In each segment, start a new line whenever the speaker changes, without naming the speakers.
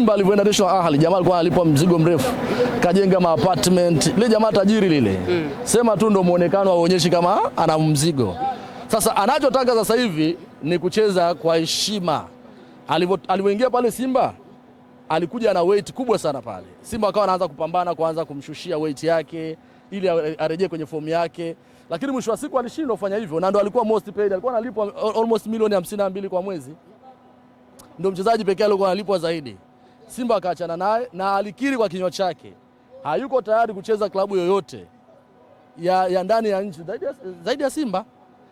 Simba alivyoenda National Ahli, jamaa alikuwa analipwa mzigo mrefu, kajenga ma apartment. Ile jamaa tajiri lile, mm. sema tu ndo muonekano aonyeshi kama ana mzigo. Sasa anachotaka sasa hivi ni kucheza kwa heshima. Alivyoingia pale Simba alikuja na weight kubwa sana pale Simba, akawa anaanza kupambana kuanza kumshushia weight yake ili arejee kwenye fomu yake, lakini mwisho wa siku alishindwa kufanya hivyo, na ndo alikuwa most paid, alikuwa analipwa almost milioni 52 kwa mwezi, ndio mchezaji pekee aliyokuwa analipwa zaidi. Simba akaachana naye na alikiri kwa kinywa chake hayuko tayari kucheza klabu yoyote ya, ya ndani ya nchi zaidi ya, zaidi ya Simba.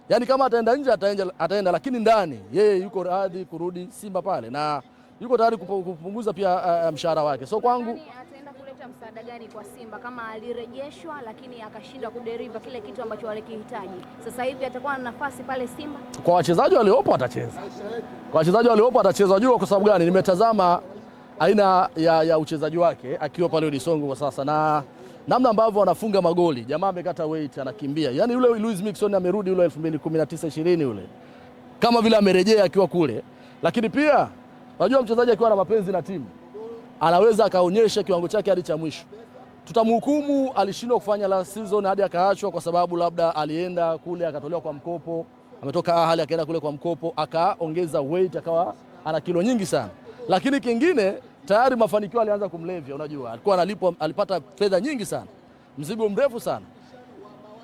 Yaani kama ataenda nje ataenda, ataenda lakini ndani yeye yuko radhi kurudi Simba pale na yuko tayari kupunguza pia uh, mshahara wake.
So kwangu yaani ataenda kuleta msaada gani kwa Simba kama alirejeshwa lakini akashindwa kuderiva kile kitu ambacho walikihitaji? Sasa hivi atakuwa na nafasi pale Simba.
Kwa wachezaji waliopo atacheza, kwa wachezaji waliopo atacheza. Unajua kwa sababu gani? Nimetazama aina ya, ya uchezaji wake akiwa pale Udisongo kwa sasa na namna ambavyo anafunga magoli. Jamaa amekata weight, anakimbia, yani yule Luis Mixon amerudi yule 2019 20 yule kama vile amerejea akiwa kule, lakini pia unajua mchezaji akiwa na mapenzi na timu anaweza akaonyesha kiwango chake hadi cha mwisho. Tutamhukumu alishindwa kufanya last season hadi akaachwa kwa sababu labda alienda kule akatolewa kwa mkopo, ametoka ahali akaenda kule kwa mkopo, akaongeza weight, akawa ana kilo nyingi sana. Lakini kingine tayari mafanikio alianza kumlevya, unajua alikuwa analipwa, alipata fedha nyingi sana, mzigo mrefu sana,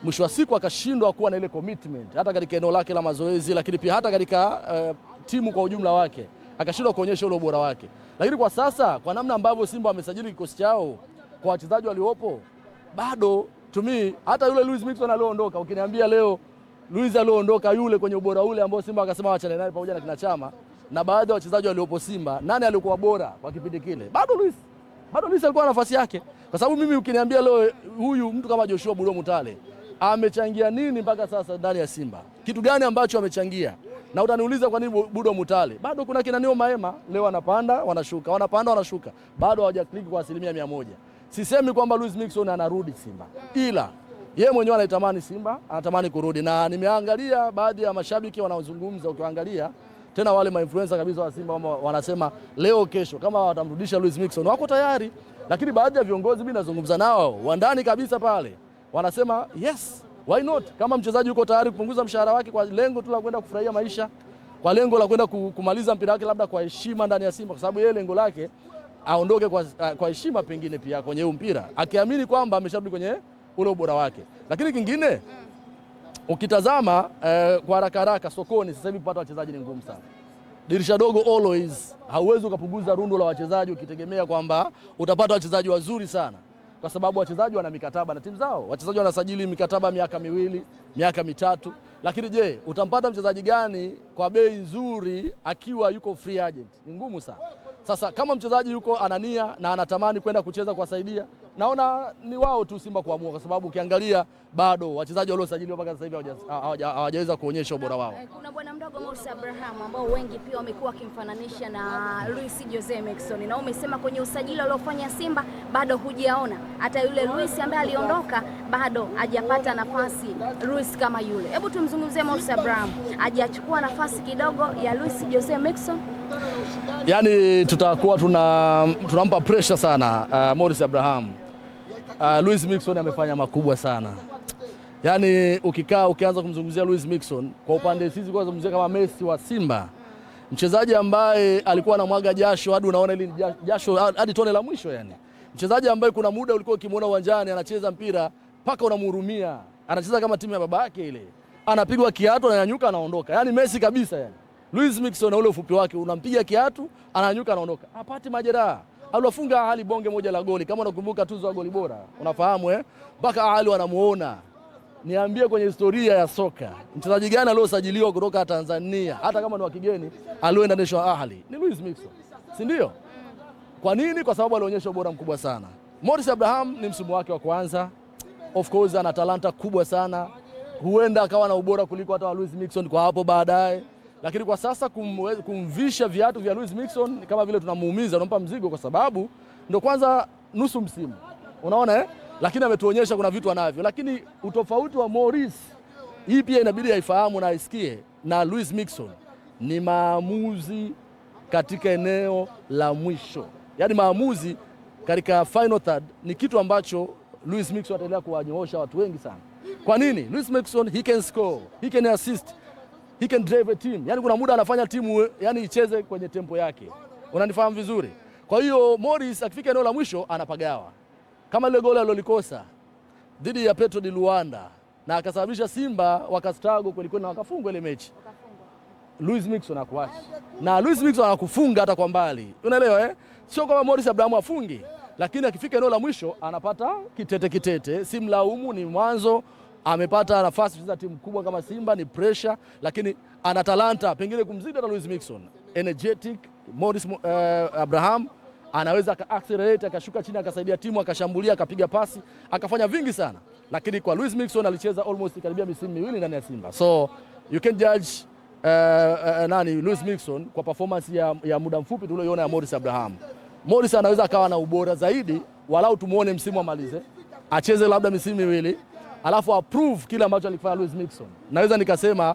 mwisho wa siku akashindwa kuwa na ile commitment hata katika eneo lake la mazoezi, lakini pia hata katika uh, timu kwa ujumla wake akashindwa kuonyesha ule ubora wake. Lakini kwa sasa kwa namna ambavyo Simba wamesajili kikosi chao kwa wachezaji waliopo, bado tumi hata yule Luis Mixon aliyoondoka, ukiniambia leo Luis aliyoondoka yule kwenye ubora ule ambao Simba akasema wachane naye pamoja na kina Chama na baadhi ya wachezaji waliopo Simba, nani alikuwa bora kwa kipindi kile? Bado Luis, bado Luis alikuwa na nafasi yake, kwa sababu mimi ukiniambia leo eh, huyu mtu kama Joshua Bulo Mutale amechangia nini mpaka sasa ndani ya Simba, kitu gani ambacho amechangia? Na utaniuliza kwa nini Budo Mutale? Bado kuna kina Neo Maema leo wanapanda wanashuka, wanapanda wanashuka, bado hawajakliki kwa asilimia mia moja. Sisemi kwamba Luis Mixon anarudi Simba, ila yeye mwenyewe anaitamani Simba, anatamani kurudi, na nimeangalia baadhi ya mashabiki wanaozungumza, ukiangalia tena wale mainfluencer kabisa wa Simba wanasema leo kesho, kama watamrudisha Luis Mixon wako tayari, lakini baadhi ya viongozi mimi nazungumza nao wa ndani kabisa pale wanasema yes, why not? Kama mchezaji yuko tayari kupunguza mshahara wake kwa lengo tu la kwenda kufurahia maisha, kwa lengo la kwenda kumaliza mpira wake labda kwa heshima ndani ya Simba, kwa sababu yeye lengo lake aondoke kwa heshima, pengine pia kwenye huu mpira akiamini kwamba amesharudi kwenye ule ubora wake, lakini kingine Ukitazama eh, kwa haraka haraka sokoni sasa hivi kupata wachezaji ni ngumu sana. Dirisha dogo always, hauwezi ukapunguza rundo la wachezaji ukitegemea kwamba utapata wachezaji wazuri sana, kwa sababu wachezaji wana mikataba na timu zao. Wachezaji wanasajili mikataba miaka miwili, miaka mitatu, lakini je, utampata mchezaji gani kwa bei nzuri akiwa yuko free agent? Ni ngumu sana. Sasa kama mchezaji yuko anania na anatamani kwenda kucheza kuwasaidia naona ni wao tu Simba kuamua, kwa sababu ukiangalia bado wachezaji waliosajiliwa mpaka sasa hivi hawajaweza kuonyesha ubora wao. Eh,
kuna bwana mdogo Musa Abraham ambao wengi pia wamekuwa wakimfananisha na Luis Jose Miquissone, na umesema kwenye usajili waliofanya Simba bado hujaona hata yule Luis ambaye aliondoka bado hajapata nafasi Luis kama yule. Hebu tumzungumzie Musa Abraham, hajachukua nafasi kidogo ya Luis Jose Miquissone.
Yaani tutakuwa tuna tunampa pressure sana uh, eh, Morris Abraham Uh, Luis Mixon amefanya makubwa sana. Yaani ukikaa ukianza kumzungumzia Luis Mixon kwa upande sisi kwa kumzungumzia kama Messi wa Simba, mchezaji ambaye alikuwa anamwaga jasho hadi unaona ile jasho hadi tone la mwisho yani. Mchezaji ambaye kuna muda ulikuwa ukimuona uwanjani anacheza mpira paka unamhurumia. Anacheza kama timu ya baba yake ile. Anapigwa kiatu ananyanyuka anaondoka. Yaani Messi kabisa yani. Luis na ule ufupi wake unampiga kiatu ananyanyuka anaondoka. Hapati majeraha aliwafunga ahali bonge moja la goli, kama unakumbuka tuzo ya goli bora, unafahamu eh, mpaka Ahali wanamuona. Niambie, kwenye historia ya soka mchezaji gani aliosajiliwa kutoka Tanzania hata kama ni wa kigeni aliyoendanishwa Ahali? Ni Luis Mixo, si ndio? Kwa nini? Kwa sababu alionyesha ubora mkubwa sana. Morris Abraham ni msimu wake wa kwanza, of course ana talanta kubwa sana, huenda akawa na ubora kuliko hata wa Luis Mixon kwa hapo baadaye lakini kwa sasa kumvisha viatu vya Luis Mixon kama vile tunamuumiza, tunampa mzigo, kwa sababu ndo kwanza nusu msimu, unaona eh? Lakini ametuonyesha kuna vitu anavyo, lakini utofauti wa Morris, hii pia inabidi aifahamu na aisikie, na Luis Mixon ni maamuzi katika eneo la mwisho, yaani maamuzi katika final third ni kitu ambacho Luis Mixon ataendelea kuwanyoosha watu wengi sana. Kwa nini? Luis Mixon he can score, he can assist he can drive a team. Yani kuna muda anafanya timu yani icheze kwenye tempo yake, unanifahamu vizuri. Kwa hiyo Morris akifika eneo la mwisho anapagawa, kama lile goli alilolikosa dhidi ya Petro di Luanda na akasababisha Simba wakastrago kweli kweli na wakafungwa ile mechi. Luis Mixon akuachi na Luis Mixon anakufunga hata kwa mbali, unaelewa eh? Sio kama Morris Abraham afungi, lakini akifika eneo la mwisho anapata kitete kitete, simlaumu ni mwanzo amepata nafasi kucheza timu kubwa kama Simba, ni pressure, lakini ana talanta pengine kumzidi hata Luis Mixon, energetic Morris uh, eh, Abraham anaweza aka accelerate akashuka chini akasaidia timu akashambulia akapiga pasi akafanya vingi sana, lakini kwa Luis Mixon alicheza almost karibia misimu miwili ndani ya Simba, so you can judge uh, uh, nani Luis Mixon kwa performance ya, ya muda mfupi tuliyoiona ya Morris Abraham. Morris anaweza akawa na ubora zaidi, walau tumuone msimu amalize, acheze labda misimu miwili alafu approve kile ambacho alikifanya Luis Mixon. Naweza nikasema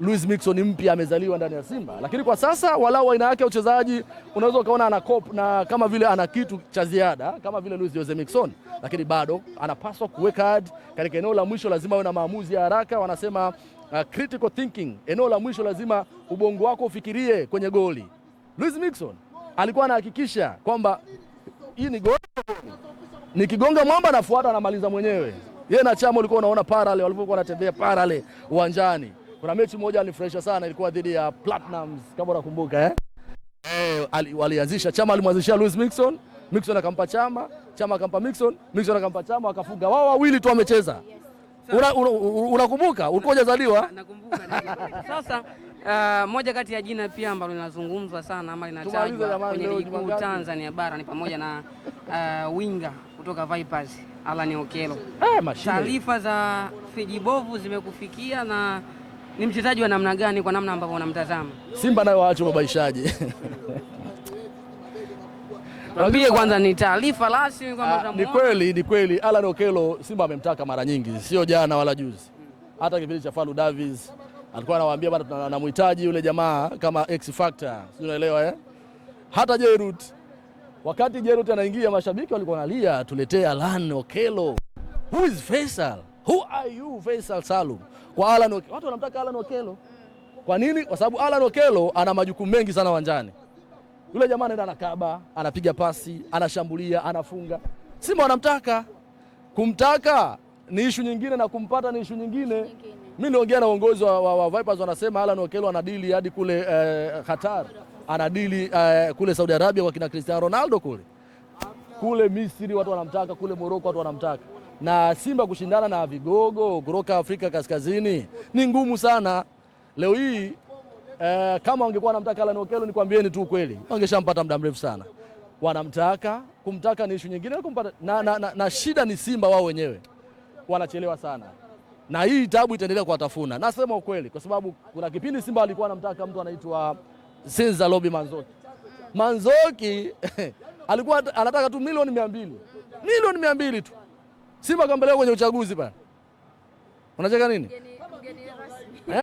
Luis Mixon mpya amezaliwa ndani ya Simba, lakini kwa sasa walau aina yake ya uchezaji unaweza ukaona ana cop na kama vile ana kitu cha ziada kama vile Luis Jose Mixon, lakini bado anapaswa kuweka ad katika eneo la mwisho. Lazima awe na maamuzi ya haraka, wanasema uh, critical thinking. Eneo la mwisho lazima ubongo wako ufikirie kwenye goli. Luis Mixon alikuwa anahakikisha kwamba hii ni goli, nikigonga mwamba nafuata, anamaliza mwenyewe. Yeye na Chama ulikuwa unaona parallel walivyokuwa wanatembea parallel uwanjani. Kuna mechi moja alinifurahisha sana, ilikuwa dhidi ya Platinums kama unakumbuka eh? Eh, walianzisha Chama alimwanzishia Louis Mixon, Mixon akampa Chama, Chama akampa Mixon, Mixon akampa Chama, wakafunga wao wawili tu wamecheza. Unakumbuka? ulikuwa hujazaliwa? Nakumbuka.
Sasa uh, moja kati ya jina pia ambalo linazungumzwa sana ama linatajwa kwenye ligi kuu Tanzania bara ni pamoja na uh, winga kutoka Vipers Alan Eh, mashine. taarifa za Fijibovu zimekufikia na ni mchezaji wa namna gani kwa namna ambavyo unamtazama?
Simba nayo waache mabaishaji.
Tuambie kwanza ni taarifa rasmi kwamba ah,
ni kweli, ni kweli Alan Okelo Simba amemtaka mara nyingi, sio jana wala juzi. Hata kipindi cha Falu Davis alikuwa anawaambia bwana, tunamhitaji yule jamaa kama X factor. Sio unaelewa eh? Hata Jerut Wakati Jerut anaingia, mashabiki walikuwa wanalia, tuletee Alan Okelo. Who is Faisal? Who are you Faisal Salum? Kwa Alan Okelo. Watu wanamtaka Alan Okelo. Kwa nini? Kwa sababu Alan Okelo ana majukumu mengi sana uwanjani. Yule jamaa anaenda anakaba, anapiga pasi, anashambulia, anafunga. Simba wanamtaka. Kumtaka ni ishu nyingine na kumpata ni ishu nyingine. Mimi niongea na uongozi wa, wa, wa Vipers wanasema Alan Okelo ana deal hadi kule eh, Qatar anadili uh, kule Saudi Arabia kwa kina Cristiano Ronaldo kule kule Misri watu wanamtaka, kule Moroko watu wanamtaka. Na Simba kushindana na vigogo kutoka Afrika Kaskazini ni ngumu sana leo hii. Eh, kama wangekuwa wanamtaka Alan Okello, nikwambieni tu kweli wangeshampata muda mrefu sana. Wanamtaka kumtaka ni ishu nyingine kumpata, na, na, na, na shida ni Simba wao wenyewe wanachelewa sana, na hii tabu itaendelea kuwatafuna. Nasema ukweli kwa sababu kuna kipindi Simba walikuwa wanamtaka mtu anaitwa Sinza Robi Manzoki. Manzoki alikuwa anataka tu milioni mia mbili milioni mia mbili tu. Simba kampeleka kwenye uchaguzi pale, unacheka nini?